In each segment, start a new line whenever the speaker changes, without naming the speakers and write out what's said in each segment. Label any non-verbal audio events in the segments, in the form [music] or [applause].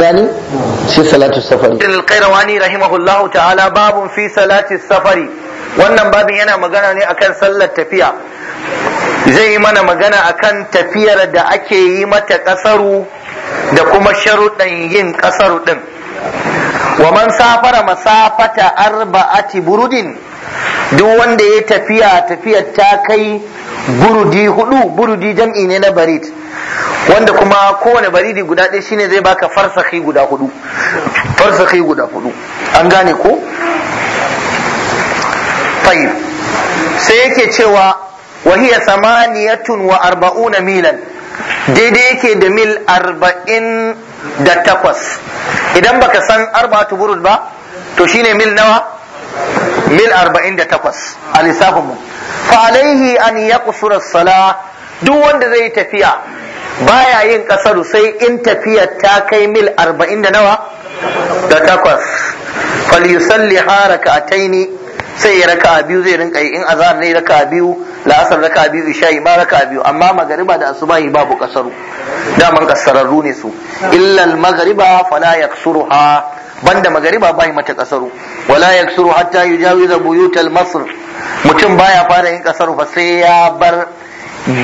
gani shi salatu safari al-qayrawani rahimahullahu ta'ala babun fi salati safari wannan babin yana magana ne akan sallar tafiya zai yi mana magana akan tafiyar da ake yi mata kasaru da kuma sharuɗan yin kasaru din wa man safara masafata arba'ati burudin duk wanda ya tafiya tafiyar ta kai burudi hudu burudi jam'i ne na barit, wanda kuma kowane baridi guda ɗaya shine zai baka farsaki guda hudu farsaki guda hudu an gane ko tayyib sai yake cewa wa hiya samaniyatun wa arba'una milan daidai yake da mil arba'in da takwas idan baka san arba'atu burud ba to shine mil nawa mil arba'in da takwas a lissafin mu fa alaihi an yaqsura sala duk wanda zai tafiya baya yin kasaru sai in tafiyar ta kai mil arba'in da nawa da takwas falyusalli ha raka'ataini sai ya raka biyu zai rinka yi in azhar ne raka biyu la'asar raka biyu isha'i ma raka biyu amma magariba da asubahi babu kasaru daman kasararru ne su illal magariba fala yaksuruha banda magariba bai mata kasaru wala yaksuru hatta yujawiza buyutal masr mutum baya fara yin kasar ba sai ya bar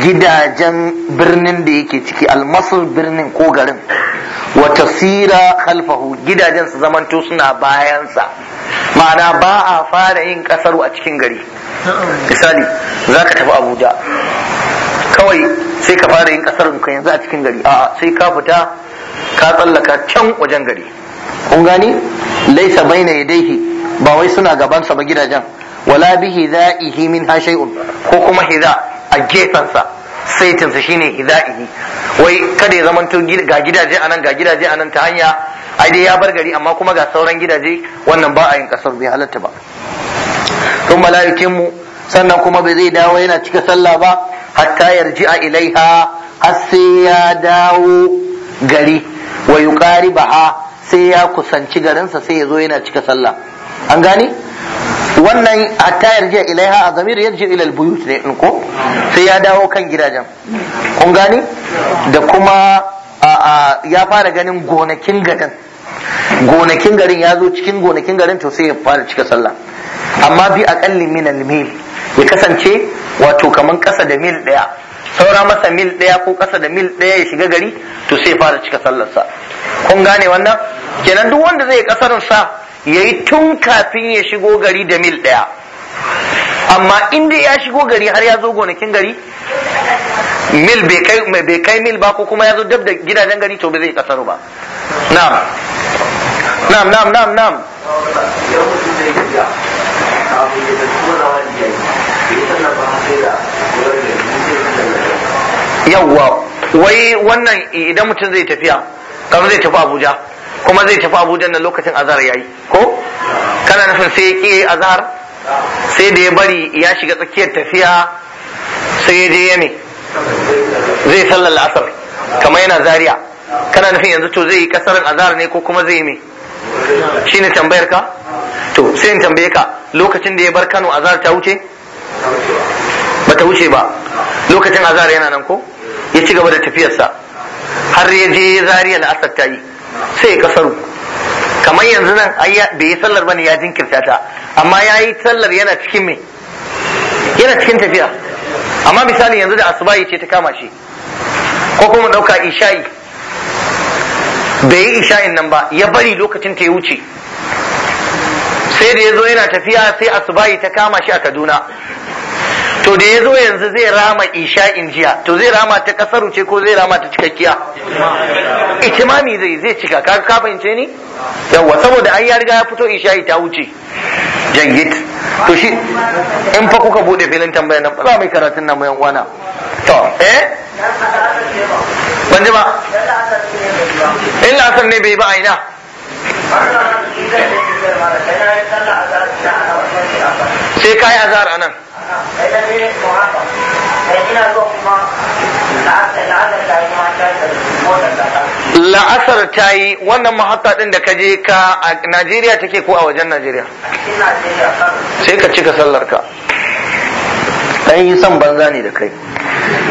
gidajen birnin da yake ciki almasul birnin ko garin wa tasira khalfahu gidajen su zamanto suna bayansa ma'ana ba a fara yin kasaru a cikin gari misali za ka tafi abuja kawai sai ka fara yin kasar ka yanzu a cikin gari a'a sai ka fita ka tsallaka can wajen gari kun gani laisa baina yadaihi ba wai suna gabansa ba gidajen wala bi min ha shay'un ko kuma hiza a gefensa saitinsa shine hidha'ihi wai kada ya zamanto ga gidaje anan ga gidaje anan ta hanya ai dai ya bar gari amma kuma ga sauran gidaje wannan ba a yin kasar bai halatta ba tun mala'ikin mu sannan kuma bai zai dawo yana cika sallah ba hatta a ilaiha har sai ya dawo gari wa baha sai ya kusanci garinsa sai ya zo yana cika sallah an gani? wannan hatta yarji ilaiha a zamir yarji ila albuyut ne in ko sai ya dawo kan gidajen kun gani da kuma ya fara ganin gonakin garin gonakin garin ya zo cikin gonakin garin to sai ya fara cika sallah amma bi aqalli min almil ya kasance wato kaman kasa da mil daya saura masa mil daya ko kasa da mil daya ya shiga gari to sai ya fara cika sallarsa kun gane wannan kenan duk wanda zai kasarin sa ya yi tun kafin ya shigo gari da mil ɗaya amma inda ya shigo gari har ya zo gonakin gari mil bai kai mil ba ko kuma ya zo dab da gidajen gari to ba zai kasaru ba na'am na'am na'am na'am na'am yawwa wai wannan idan mutum zai tafiya kamar zai tafi abuja kuma zai tafi abuja nan lokacin azhar yayi ko kana nufin sai ya ki azhar sai da ya bari ya shiga tsakiyar tafiya sai ya je ya zai sallar la'asar kamar yana zaria kana nufin yanzu to zai yi kasarin azhar ne ko kuma zai yi me shine tambayar ka to sai in tambaye ka lokacin da ya bar Kano azhar ta wuce Ba ta wuce ba lokacin azhar yana nan ko ya ci gaba da tafiyarsa har ya je Zariya la'asar ta yi sai ya kasaru kamar yanzu nan bai yi sallar bane ya jinkirta ta amma ya yi sallar yana cikin me yana cikin tafiya amma misali yanzu da asubahi ce ta kama shi ko kuma ɗauka isha'i bai yi isha'in nan ba ya bari lokacin ta ya wuce sai da ya zo yana tafiya sai asubahi ta kama shi a kaduna to da ya zo yanzu zai rama isha'in jiya to zai rama ta kasar ce ko zai rama ta cikakkiya itimami zai zai cika ka ka fahimce ni yawa saboda an ya riga ya fito isha ta wuce jangit. to shi in fa kuka bude filin tambayar nan ba mai karatun nan mai wana to eh ban ba in la'asar ne bai ba aina sai ka yi azhar anan la'asar ta yi wannan mahatta din da ka je ka a Najeriya take ko a wajen Najeriya sai ka cika sallar ka dan yi son banza ne da kai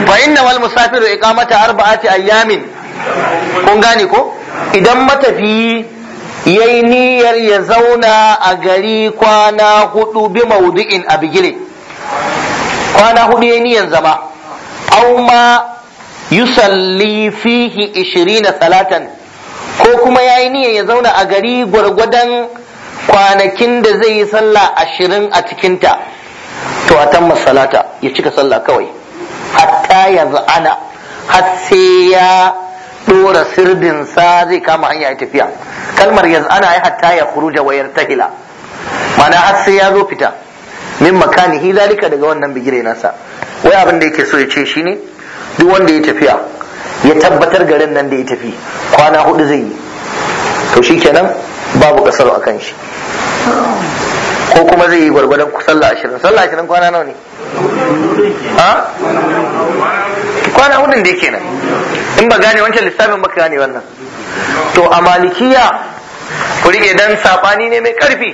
fa inna wal musafiru iqamata arba'ati ayyamin kun gane ko idan matafiyi yayi niyyar ya zauna a gari kwana hudu bi maudu'in a bigire kwana hudu ya niyan zama au ma yusalli fihi ishirina salatan ko kuma ya yi niyan ya zauna a gari gwargwadon kwanakin da zai yi sallah ashirin a cikinta to a tamma salata ya cika sallah kawai hatta ya za'ana har sai ya dora sirdinsa zai kama hanya ya tafiya kalmar ya za'ana ya hatta ya kuruja wayar tahila mana har sai ya zo fita min makanihi zalika daga wannan bigire nasa wai abin da yake so ya ce shine duk wanda ya tafiya ya tabbatar garin nan da ya tafi kwana hudu zai yi to shikenan babu kasar a kan shi ko kuma zai yi gwargwadon sallah ashirin sallah ashirin kwana nawa ne ha kwana hudun da yake nan in ba gane wancan lissafin ba gane wannan to a malikiya ku rike dan sabani ne mai karfi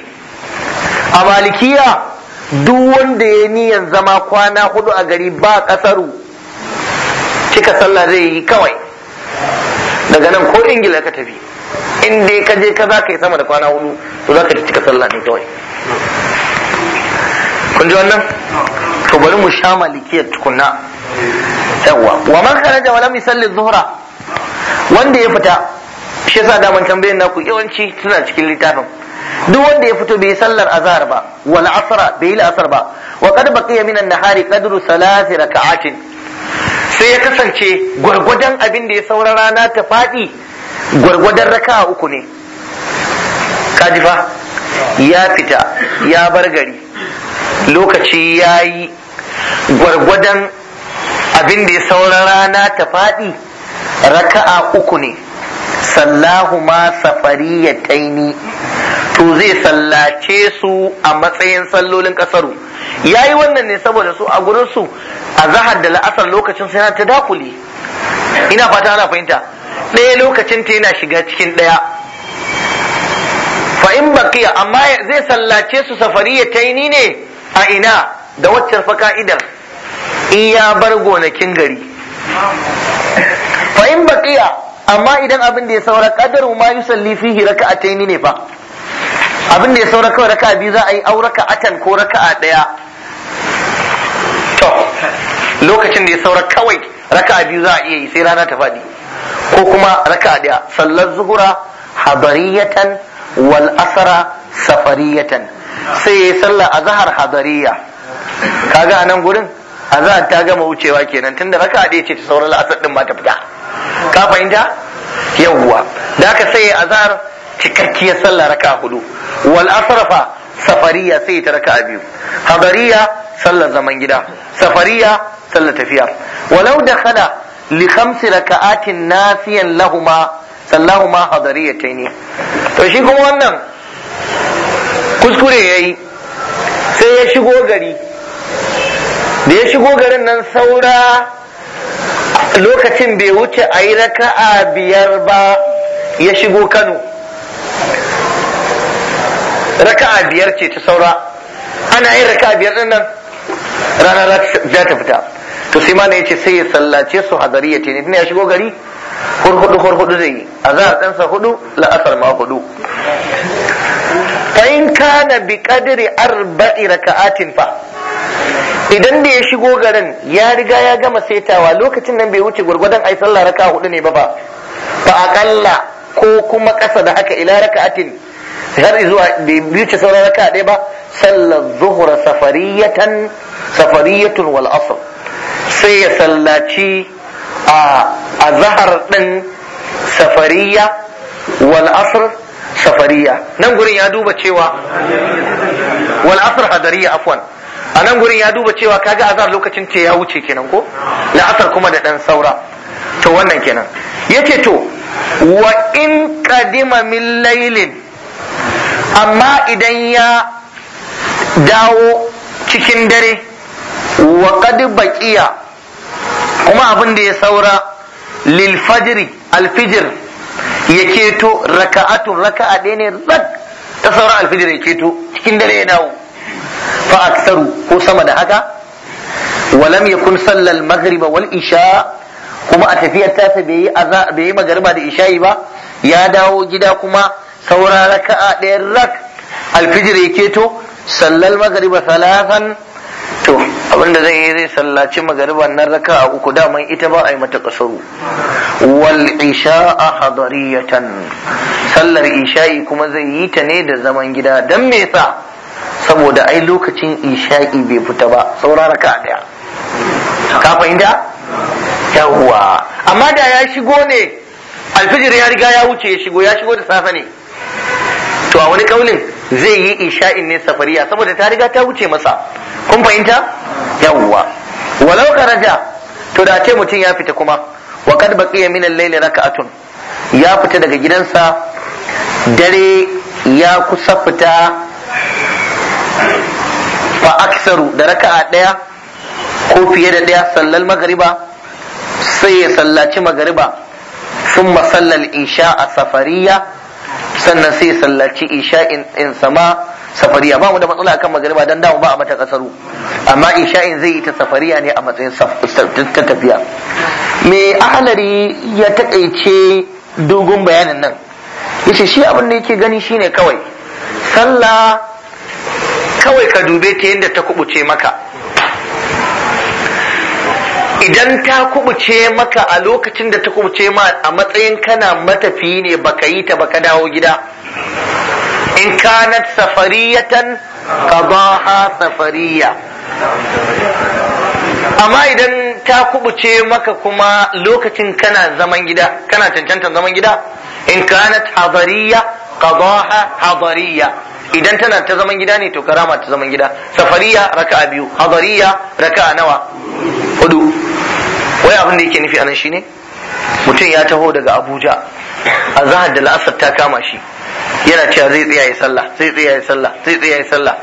a malikiya duk wanda ya niyan zama kwana hudu a gari ba kasaru cika sallah zai yi kawai daga nan ko ingila ka tafi inda dai ka je ka za ka yi sama da kwana hudu to za ka ci cika sallah ne kawai kun ji wannan to bari mu sha malikiyar tukunna yawa wa man kharaja wa lam yusalli dhuhra wanda ya fita shi yasa da ban tambayar naku yawanci suna cikin littafin duk wanda ya fito bai sallar azhar ba wal asra bai la'asar ba wa kad baqiya minan nahari qadru salati raka'atin sai ya kasance gurgudan abin da ya saura rana ta fadi gurgudan raka uku ne kadifa ya fita ya bar gari lokaci ya yi gwargwadon abin da ya saura rana ta faɗi raka'a uku ne sallahu ma safariyataini to zai sallace su a matsayin sallolin kasaru ya yi wannan ne saboda su a gurin su a zahar da la'asar lokacin sai ta dakule ina fata ana fahimta ɗaya lokacin ta yana shiga cikin ɗaya fa'in bakiya amma zai sallace su safari ya taini ne a ina da waccan faka idan in ya bar gonakin gari fa'in bakiya amma idan abin da ya saura kadar ma yusalli fihi yi ne fa abin da ya saura kawai raka biyu za a yi auraka atan ko raka daya to lokacin da ya saura kawai raka biyu za a iya yi sai rana ta faɗi ko kuma raka a daya sallar zuhura hadariyatan wal asara safariyatan sai ya salla sallar azhar hadariya kaga a nan gurin azhar ta gama wucewa kenan tunda a daya ce ta sauran la'asar din ma ta fita ka fahimta yawwa da ka sai azhar cikakkiyar sallah raka hudu wal asrafa safariya sai ta raka biyu habariya sallar zaman gida safariya sallar tafiya walau da kada li khamsi raka'atin nasiyan lahuma sallahuma hadariyatayn to shi kuma wannan kuskure yayi sai ya shigo gari da ya shigo garin nan saura lokacin bai wuce ayi yi raka'a biyar ba ya shigo kano raka'a biyar ce ta saura ana yin raka'a biyar din nan rana za ta fita to sai ma yace sai ya sallace su hadariya ce ne ya shigo gari hurhudu hurhudu zai yi azhar dan sa hudu la'asar ma hudu fa in kana bi qadri arba'i raka'atin fa idan da ya shigo garin ya riga ya gama saitawa lokacin nan bai wuce gurgurdan ai sallah raka hudu ne ba ba. fa aqalla ko kuma kasa da haka ila raka'atin har zuwa bai wuce sauran raka ɗaya ba sallar zuhura safariyatan safariyatun wal asr sai ya sallaci a zahar din safariya wal asr safariya nan gurin ya duba cewa wal asr hadariya afwan a nan gurin ya duba cewa kaga azhar lokacin ce ya wuce kenan ko asar kuma da dan saura to wannan kenan yace to wa in qadima min laylin amma idan ya dawo cikin dare wa qad kuma abin da ya saura lilfajiri alfijir ya keto raka'atun raka'a ɗaya ne rak ta saura alfijir ya keto cikin dare ya dawo fa aksaru ko sama da haka walam kun sallal maghriba wal isha kuma a tafiyar tasa bai yi magariba da isha'i ba ya dawo gida kuma saura raka'a ɗayan rak alfijir ya keto sallal magariba salatan to abinda zai yi zai sallaci magariba na raka a uku daman ita ba a yi mata kasaru wal isha a hadariyatan sallar isha'i kuma zai yi ta ne da zaman gida don me sa? saboda ai lokacin isha'i bai fita ba saura raka daya ka fahimta yawwa amma da ya shigo ne alfijir ya riga ya wuce ya shigo ya shigo da safe ne to a wani kaulin zai yi isha'in ne safariya saboda ta riga ta wuce masa kun fahimta yawwa walau karaja to da ce mutum ya fita kuma wa kad baqiya min al-layli raka'atun ya fita daga gidansa dare ya kusa fita fa aksaru da raka'a daya ko fiye da daya sallal maghriba sai ya sallaci maghriba sun masallar isha a safariya sannan sai sallaci isha'in in sama safariya ba mu da matsala kan magariba dan damu ba a mata kasaru amma isha'in zai yi ta safariya ne a matsayin ta tafiya me ahalari ya takaice dogon bayanin nan yace shi abin da yake gani shi ne kawai sallah kawai ka dube ta yadda ta kubuce maka idan ta kubuce maka a lokacin da ta kubuce ma a matsayin kana matafi ne baka yi ta baka dawo gida in kanat safariyatan qadaha safariya amma idan ta kubuce maka kuma lokacin kana zaman gida kana cancantar zaman gida in kanat hadariya qadaha hadariya idan tana ta zaman gida ne to karama ta zaman gida safariya raka'a biyu hadariya raka'a nawa hudu wai abin da yake nufi anan shine mutum ya taho daga abuja a zahar da la'asar ta kama shi yana cewa zai tsaya ya sallah zai tsaya ya sallah zai tsaya ya sallah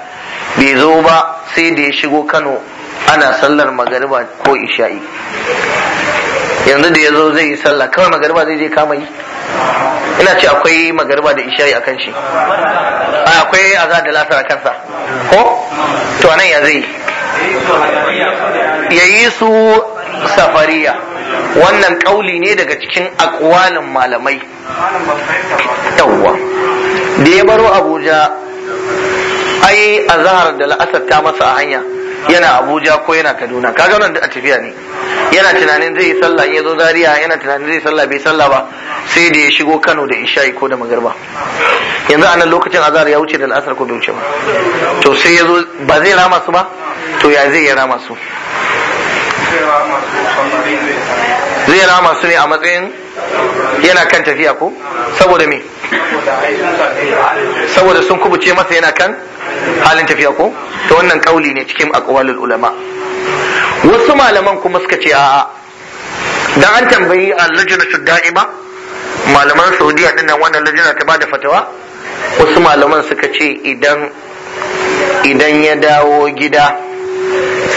bai zo ba sai da ya shigo kano ana sallar magariba ko isha'i yanzu da ya zo zai yi sallah kawai magariba zai je kama yi ina ce akwai magariba da isha'i a kan shi akwai azhar da lasar a kansa ko to anan ya zai ya yi su safariya wannan kauli ne daga cikin akwalin malamai yawwa da ya baro abuja ai a zahar da la'asar ta masa a hanya yana abuja ko yana kaduna kaga nan a tafiya ne yana tunanin zai yi sallah ya zo Zariya, yana tunanin zai sallah bai sallah ba sai da ya shigo kano da isha'i ko da magarba yanzu a nan lokacin azhar ya wuce da al'asar ko bai wuce ba to sai ya zo ba zai rama su ba to ya zai ya rama su zai rama su ne a matsayin yana kan tafiya ko saboda me saboda sun kubuce masa yana kan halin tafiya ko ta wannan kauli ne cikin aqwalul ulama wasu malaman kuma suka ce a'a dan an tambayi a lajina su da'ima malaman saudiya din nan wannan lajina ta bada fatawa wasu malaman suka ce idan idan ya dawo gida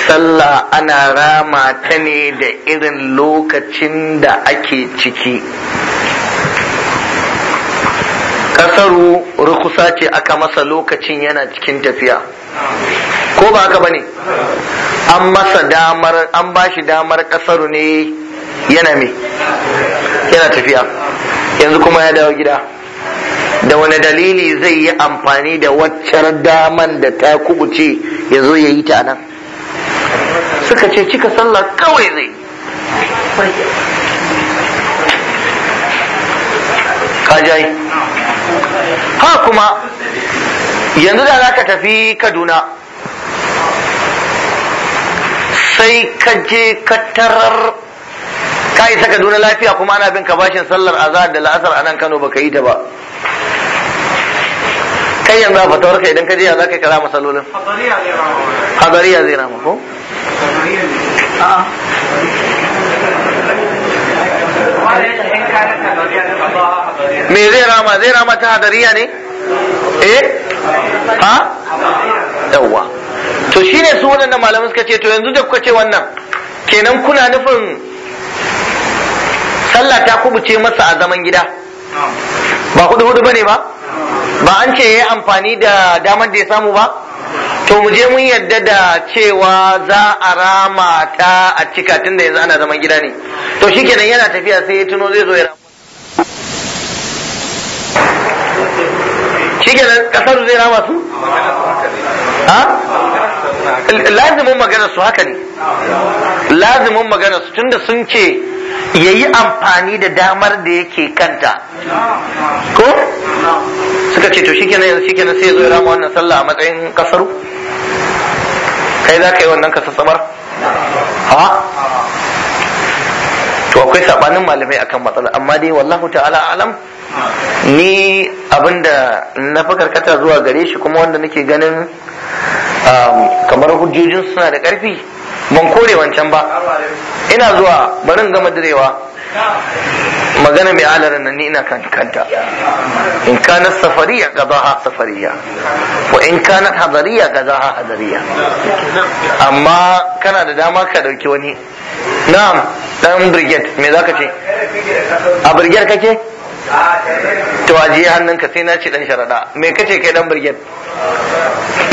sallah ana rama ta ne da irin lokacin da ake ciki kasaru rukusa ce aka masa lokacin yana cikin tafiya ko ba haka bane an masa damar an ba damar kasaru ne yana me yana tafiya yanzu kuma ya dawo gida da wani dalili zai yi amfani da waccar daman da ta kubuce ya zo ya yi ta nan suka ce cika sallah kawai zai kajai ha kuma yanzu da za ka tafi kaduna sai ka je ka tarar ka isa kaduna lafiya kuma ana bin ka bashin sallar azhar da la'asar a nan kano baka yi ta ba kai yanzu a fatawar ka idan ka je a za ka kira a hadariya zai rama ko me zai rama zai rama ta hadariya ne eh ha yawwa to shine su waɗannan malamai suka ce to yanzu da kuka ce wannan kenan kuna nufin sallah ta kubuce masa a zaman gida ba hudu hudu bane ba ba an ce yayi amfani da damar da ya samu ba to mu je mun yadda da cewa za a rama ta a cika tun da yanzu ana zaman gida ne to shikenan yana tafiya sai ya tuno zai zo ya shikenan kasar zai rama su ha lazimin magana su haka ne lazimin magana su tunda sun ce ya yi amfani da damar da yake kanta ko suka ce to shikenan yanzu shikenan sai ya zo rama wannan sallah a matsayin kasaru kai za ka yi wannan kasassabar ha to akwai sabanin malamai akan matsala amma dai wallahu ta'ala alam ni abinda na fi karkata zuwa gare shi kuma wanda nake ganin um, kamar hujjojin suna da karfi ban kore wancan ba ina zuwa barin gama direwa magana mai alaran nan ni ina kan kanta in kana safariya ha safariya wa in kana hadariya ha hadariya amma kana da dama ka dauki wani na'am dan brigade me zaka ce a brigade kake to a hannun hannunka sai na ce dan sharada me kace kai dan brigade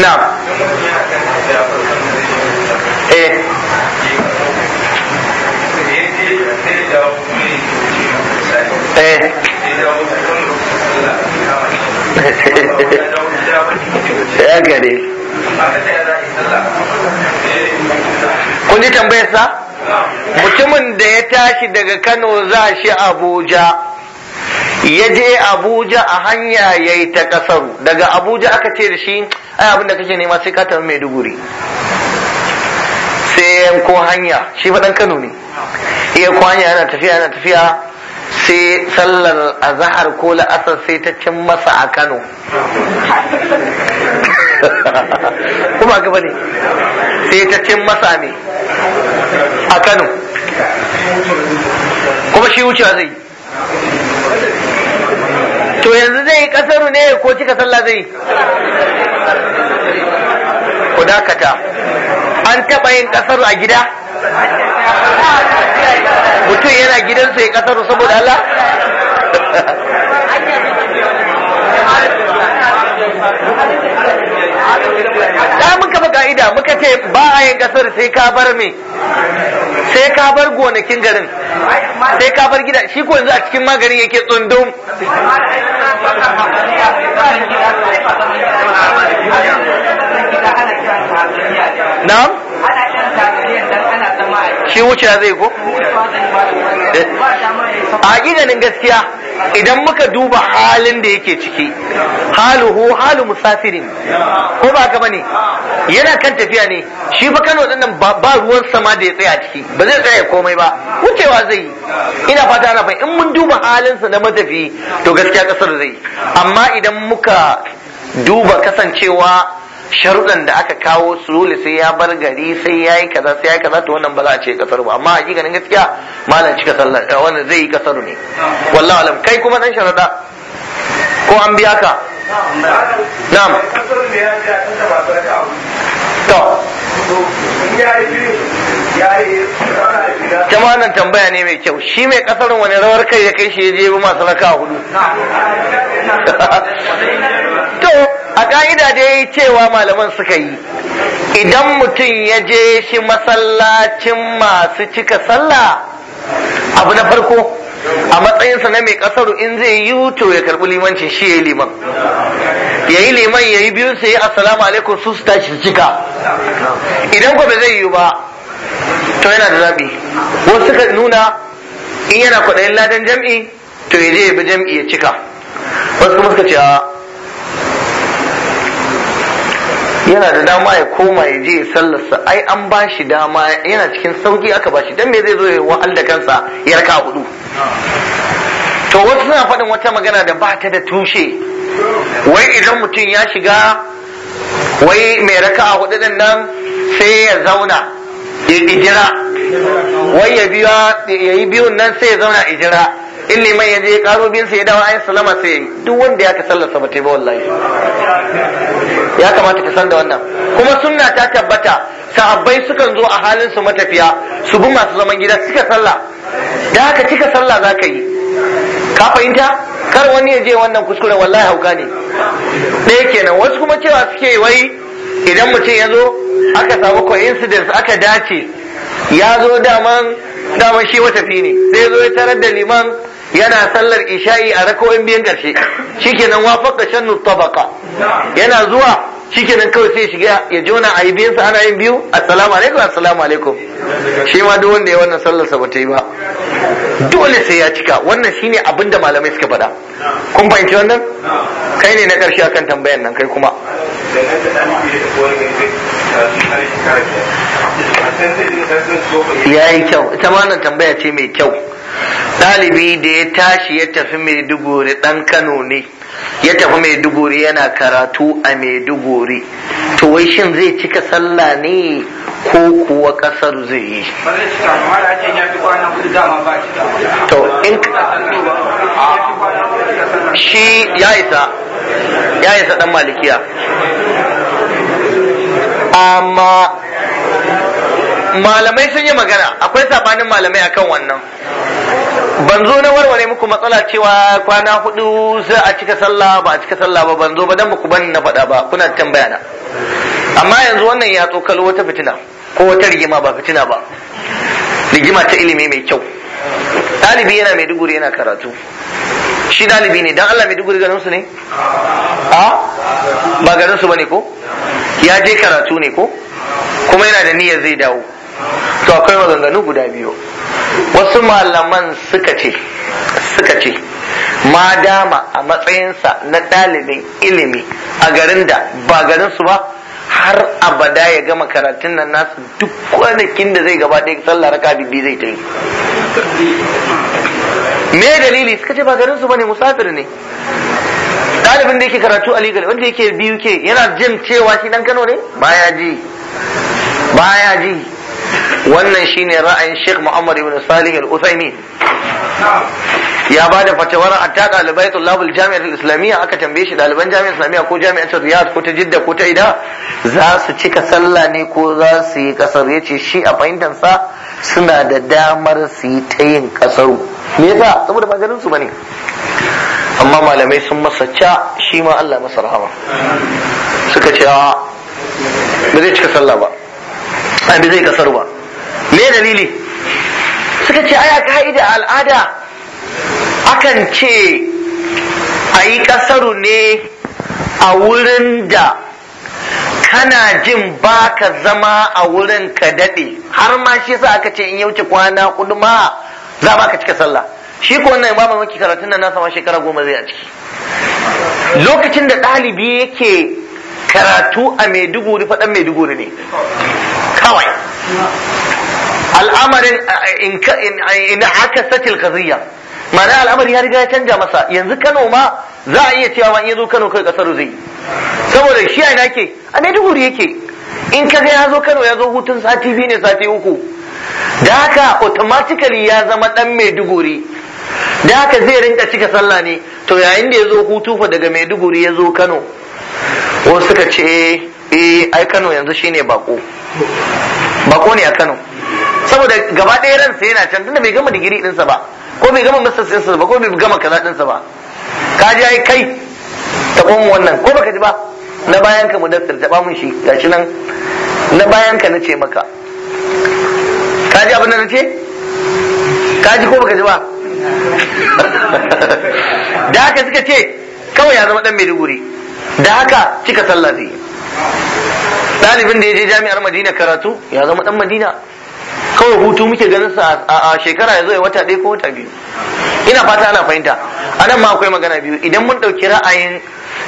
na'am ya gare kun ji tambayarsa mutumin da ya tashi daga kano za shi abuja ya je abuja a hanya ya yi ta kasar daga abuja aka ce da shi ai abinda kake nema sai ka tafi maiduguri sai ya ko hanya shi faɗan kano ne iya ko hanya yana tafiya yana tafiya sai sallar azahar ko la'asar sai ta cin masa a kano kuma gaba ne sai ta cin masa ne a kano kuma shi wucewa zai to yanzu zai kasaru ne ko cika sallah zai ku dakata an taɓa yin kasaru a gida mutum yana gidansa ya kasar saboda Allah da muka ba ka'ida muka ce ba a yin kasar sai ka bar me sai ka bar gonakin garin sai ka bar gida shi ko yanzu a cikin magarin yake tsundum na'am shi wuce zai go eh. a gidanin gaskiya idan muka duba halin da yake ciki haluhu halu musafirin ko ba ka bane yana kan tafiya ne shi fa Kano din nan ba ruwan sama da ya tsaya ciki ba zai tsaya komai ba wucewa zai ina fata na in mun duba halinsa na matafi to gaskiya kasar zai amma idan muka duba kasancewa sharuɗan da aka kawo su dole sai ya bar gari sai ya yi kaza sai ya yi kaza to wannan ba za a ce kasar ba amma hakikanin gaskiya malam cika sallar eh, wannan zai yi kasar ne wallahi alam kai kuma dan sharaɗa ko an biya ka na'am to jama'a nan tambaya ne mai kyau shi mai kasarin wani rawar kai ya kai shi ya je masu raka hudu [laughs] kyau a ka'ida yi cewa malaman suka yi idan mutum ya je shi masallacin masu cika sallah abu na farko a matsayinsa na mai kasaru in zai yi to ya karbi limanci shi ya yi liman ya yi liman ya yi biyun sai assalamu alaikum su su tashi cika idan ko ba zai yi ba to yana da zabi wasu suka nuna in yana kwaɗayin ladan jam'i to ya je bi jam'i ya cika wasu kuma suka ce yana da dama ya koma ya je sallarsa ai an ba shi dama yana cikin sauki aka ba shi dan me zai zo ya wahal da kansa ya raka hudu to wasu suna faɗin wata magana da ba ta da tushe wai idan mutum ya shiga wai mai raka hudu din nan sai ya zauna ya ijira wai ya biya ya biyun nan sai ya zauna ijira in liman ya je karo bin sai ya dawo ayin salama sai duk wanda ya ka sa ba ta ba wallahi ya kamata ka san da wannan kuma sunna ta tabbata sahabbai sukan zo a halin su matafiya su bi masu zaman gida ka sallah da haka cika sallah za ka yi ka fahimta kar wani ya je wannan kuskure wallahi hauka ne ɗaya kenan wasu kuma cewa suke wai idan mutum ya zo aka samu coincidence aka dace ya zo daman daman shi watafi ne sai zo ya tarar da liman yana sallar isha'i a rako'in biyan karshe shikenan wafaqa shannu tabaqa yana zuwa shikenan kawai sai shiga ya jona a yi sa ana yin biyu assalamu alaikum assalamu alaikum shi ma duk wanda ya wannan sallar sa bata yi ba dole sai ya cika wannan shine abin da malamai suka faɗa kun fahimci wannan kai ne na karshe akan tambayan nan kai kuma ya yi kyau ita ma wannan tambaya ce mai kyau ɗalibi da ya tashi ya tafi maiduguri ɗan kano ne ya tafi maiduguri yana karatu a maiduguri to wai shin zai cika sallah ne ko kuwa ƙasar zai yi to in shi ya isa ya isa ɗan malikiya amma malamai sun yi magana akwai sabanin malamai akan wannan ban zo na warware muku matsala cewa kwana hudu sai a cika sallah ba a cika sallah ba ban zo ba dan muku bani na faɗa ba kuna tambaya na amma yanzu wannan ya tsokalo wata fitina ko wata rigima ba fitina ba rigima ta ilimi mai kyau ɗalibi yana mai duguri yana karatu shi ɗalibi ne dan Allah mai duguri ganin su ne a ba ganin su bane ko ya je karatu ne ko kuma yana da niyyar zai dawo to akwai maganganu guda biyu wasu malaman suka ce suka ce ma dama a matsayinsa na ɗalibin ilimi a garin da ba garin su ba har abada ya gama karatun nan nasu duk kwanakin da zai gaba ɗaya sallah raka bibi zai ta yi me dalili suka ce ba garin su bane musafir ne ɗalibin da yake karatu a legal wanda yake ke, yana jin cewa shi dan Kano ne baya ji baya ji wannan shine ra'ayin Sheikh Muhammad ibn Salih al-Uthaymeen ya ba da fatawar hatta ɗalibai tullabul jami'ar islamiyya aka tambaye shi ɗaliban jami'ar islamiyya ko jami'ar riyad ko ta jidda ko ta ida za su cika sallah ne ko za su yi kasar ya ce shi a fahimtansa suna da damar su yi ta yin kasaru me yasa saboda maganin su bane amma malamai sun masa shi ma Allah masa rahama suka ce a ba zai cika sallah ba a bi zai kasar ba me dalili suka ce aya ka'ida al'ada akan ce a yi kasaru ne a wurin da kana jin ba ka zama a wurin ka daɗe har ma shi sa aka ce in yauce kwana kudu ma za ba ka cika sallah shi ko wannan imama maki karatun nan na sama shekara goma zai a ciki lokacin da ɗalibi yake karatu a maiduguri faɗan maiduguri ne kawai al'amarin in aka satil qadiyya ma'ana al'amari ya riga ya canja masa yanzu Kano ma za a iya cewa ma in yazo Kano kai kasar zai saboda shi a nake a Maiduguri yake in kaga ya zo Kano ya zo hutun sati biyu ne sati uku da haka automatically ya zama dan Maiduguri da haka zai rinka cika sallah ne to yayin da ya zo hutu fa daga Maiduguri ya zo Kano wasu suka ce eh ai Kano yanzu shine bako bako ne a Kano saboda gaba ɗaya ransa yana can tunda bai gama digiri ɗinsa ba ko bai gama masa ɗinsa ba ko bai gama kaza ɗinsa ba ka ji ai kai ta wannan ko baka ji ba na bayan ka mudassir ta ba mun shi gashi nan na bayan ka nace maka ka ji abin da nace ka ji ko baka ji ba [laughs] da haka suka ce kawai ya zama dan maiduguri da haka cika sallah zai ɗalibin da ya je jami'ar madina karatu ya zama dan madina kawai hutu muke ganin sa a shekara ya zo ya wata ɗaya ko wata biyu ina fata ana fahimta a nan ma akwai magana biyu idan mun ɗauki ra'ayin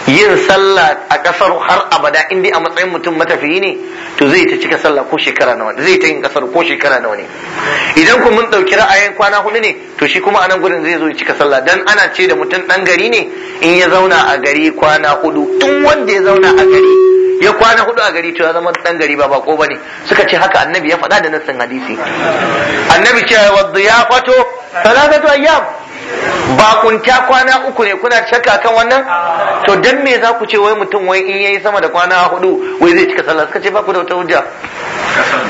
yin sallah a ƙasar har abada in dai a matsayin mutum matafiyi ne to zai ta cika sallah ko shekara nawa zai ta yin ƙasar ko shekara nawa ne idan kun mun ɗauki ra'ayin kwana hudu ne to shi kuma a nan gudun zai zo ya cika sallah dan ana ce da mutum ɗan gari ne in ya zauna a gari kwana hudu tun wanda ya zauna a gari ya kwana hudu a gari to ya zama dan gari ba bako bane suka ce haka annabi ya faɗa da nassin hadisi annabi ce wa dhiyafatu thalathatu ayyam ba kun ta kwana uku ne kuna shakka kan wannan to dan me za ku ce wai mutum wai in yayi sama da kwana hudu wai zai cika sallah suka ce ba ku da wata hujja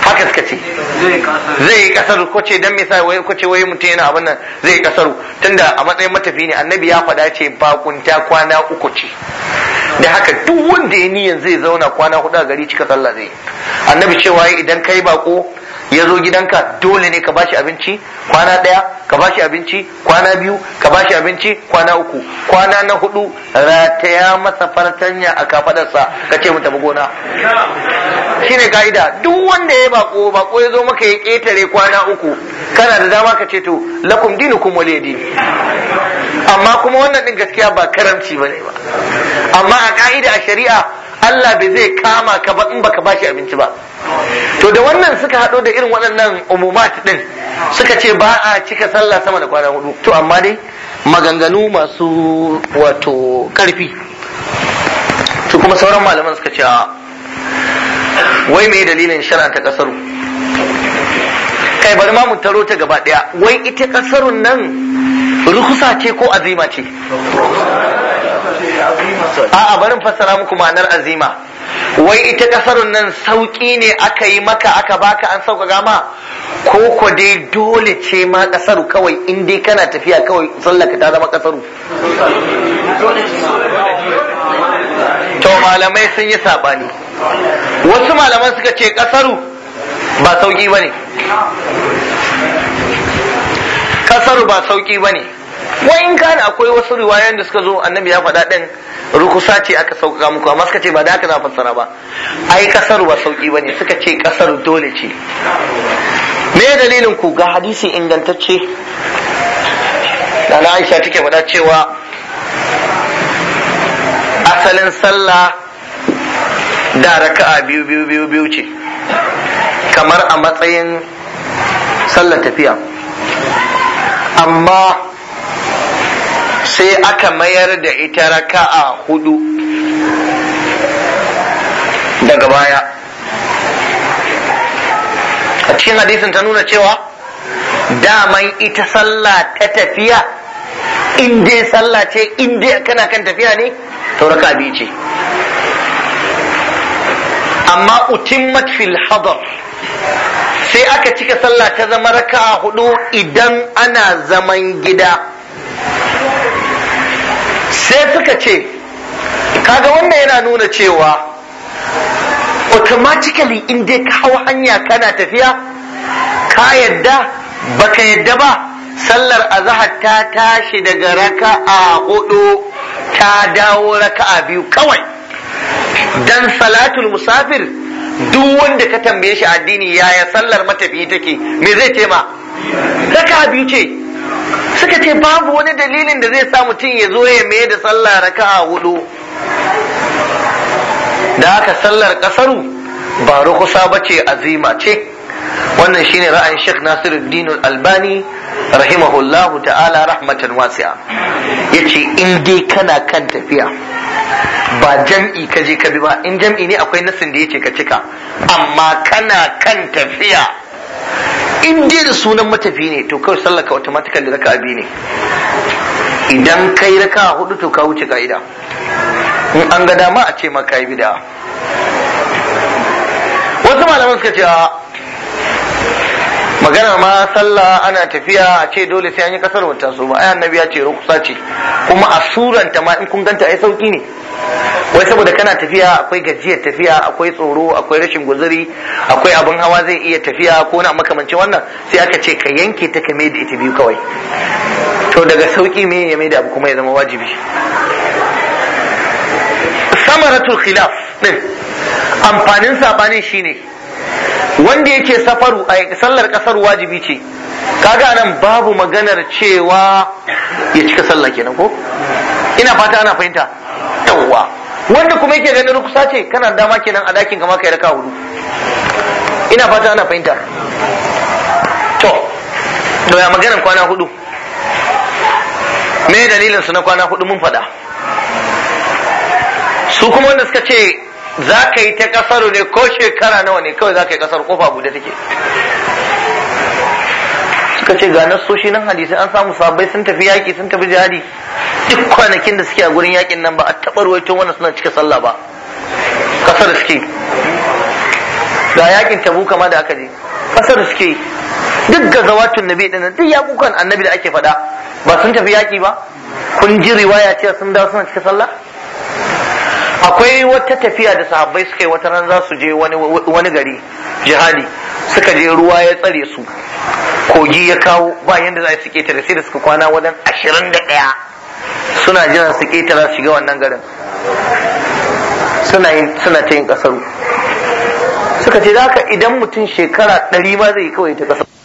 haka suka ce zai yi kasaru ko ce dan me sai wai ko ce wai mutum yana abin nan zai yi kasaru tunda a matsayin matafi ne annabi ya faɗa ce ba kun ta kwana uku ce da haka duk wanda ya niyan zai zauna kwana hudu a gari cika sallah zai annabi cewa idan kai bako ya zo gidanka dole ne ka bashi abinci kwana ɗaya ka bashi abinci kwana biyu ka bashi abinci kwana uku kwana na hudu rataya masa fartanya a kafadarsa ka ce mu tafi gona shine ka'ida duk wanda ya bako bako ya zo maka ya ketare kwana uku kana da dama ka ce to lakum dinukum waliyadi amma kuma wannan din gaskiya ba karamci bane ba amma a ka'ida a shari'a Allah bai zai kama ka ba in baka bashi abinci ba to da wannan suka haɗo da irin waɗannan umumat ɗin, suka ce ba a cika sallah sama da kwana hudu to amma dai maganganu masu wato karfi to kuma sauran malaman suka ce wai me dalilin ta kasaru kai bari ma mu taro ta gaba daya wai ita kasarun nan rukusa ce ko azima ce a'a barin fassara muku ma'anar azima wai ita kasar nan sauki ne aka yi maka aka baka an sauƙaƙa ma ko ko dai dole ce ma kasar kawai in kana tafiya kawai sallaka ta zama kasaru to malamai sun yi sabani wasu malaman suka ce kasaru ba sauki bane kasaru ba sauki bane wa in kana akwai wasu riwayoyin da suka zo annabi ya faɗa ɗin rukusa ce aka sauƙaƙa muku amma suka ce ba da aka za fassara ba ai kasar ba sauƙi ba ne suka ce kasar dole ce me dalilin ku ga hadisi ingantacce da aisha take faɗa cewa asalin sallah da raka'a biyu biyu biyu biyu ce kamar a matsayin sallar tafiya amma sai aka mayar da ita raka'a hudu daga baya a cikin hadisin ta nuna cewa daman ita sallah ta tafiya in sallah ce in kana kan tafiya ne to raka biyu ce amma utimmat fil hadar sai aka cika sallah ta zama raka'a hudu idan ana zaman gida sai suka ce kaga wannan yana nuna cewa automatically in dai ka hau hanya kana tafiya ka yadda baka yadda ba sallar azahar ta tashi daga raka'a hudu ta dawo raka'a biyu kawai dan salatul musafir duk wanda ka tambaye shi addini yaya sallar biyu take me zai ce ma raka'a biyu ce suka ce babu wani dalilin da zai sa mutum ya zo ya mai da sallah raka'a hudu da aka sallar kasaru ba rukusa ba ce azima ce wannan shine ra'ayin Sheikh Nasiruddin Albani rahimahullahu ta'ala rahmatan wasi'a yace in dai kana kan tafiya ba jam'i ka je ka bi ba in jam'i ne akwai nasin da yace ka cika amma kana kan tafiya in dai da sunan matafi ne to kawai sallar ka da raka'a biyu ne idan kai raka'a hudu to ka wuce ka'ida in an ga dama a ce ma kai bid'a wasu malaman suka ce magana ma sallah ana tafiya a ce dole sai an yi kasar wata so ba ai ya ce rukusa ce kuma a suranta ma in kun ganta ai sauki ne wai saboda kana tafiya akwai gajiyar tafiya akwai tsoro akwai rashin guzuri akwai abin hawa zai iya tafiya ko na makamancin wannan sai aka ce ka yanke ta ka da ita biyu kawai to daga sauki me ya da abu kuma ya zama wajibi samaratul khilaf din amfanin sabani shine wanda yake safaru a sallar kasar wajibi ce kaga nan babu maganar cewa ya cika sallah kenan ko ina fata ana fahimta yawwa wanda kuma yake ganin rukusa ce kana dama kenan a dakin ka kai raka hudu ina fata ana fahimta to to ya maganar kwana hudu me dalilin su na kwana hudu mun fada su kuma wanda suka ce za ka yi ta kasar ne ko shekara nawa ne kawai za ka yi kasar kofa bude take suka ce ga nasoshi nan hadisi an samu sabai sun tafi yaki sun tafi jihadi duk kwanakin da suke a gurin yakin nan ba a taɓa ruwaito wanda suna cika sallah ba kasar suke ga yakin tabu kama da aka je kasar suke duk ga zawatun nabi din duk yakukan annabi da ake faɗa ba sun tafi yaki ba kun ji riwaya cewa sun dawo suna cika sallah akwai wata tafiya da sahabbai suka yi wata ran za su je wani gari jihadi suka je ruwa ya tsare su kogi ya kawo ba yanda za su ketare sai da suka kwana wajen ashirin da ɗaya suna jiran su ƙetara su shiga wannan garin suna ta yin ƙasar suka ce za ka idan mutum shekara ɗari ma zai yi kawai ta ƙasaru.